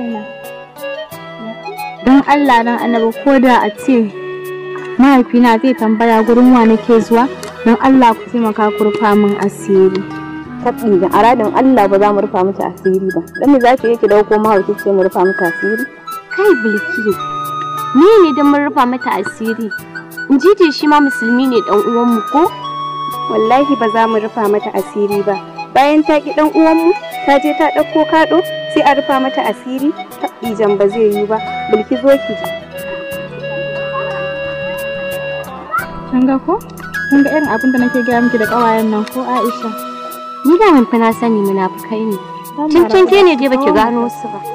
Allah don Allah don annabi ko da a ce mahaifina zai tambaya gurin wa nake zuwa don Allah ku taimaka ku rufa min asiri tabbin da aradin Allah ba za mu rufa mata asiri ba dan za ki yake dauko mahauki ce mu rufa mata asiri kai bilki ni ne dan mun rufa mata asiri Njiji shi ma musulmi ne dan mu ko wallahi ba za mu rufa mata asiri ba bayan ta ki dan uwanmu ta je ta ɗauko kaɗo sai a rufa mata asiri ijan ba zai yi ba bulki zo ki ji kin ga ko kin ga irin abin da nake gaya miki da ƙawayen nan ko Aisha ni da mun na sani munafukai ne Cincin ke ne je baki gano su ba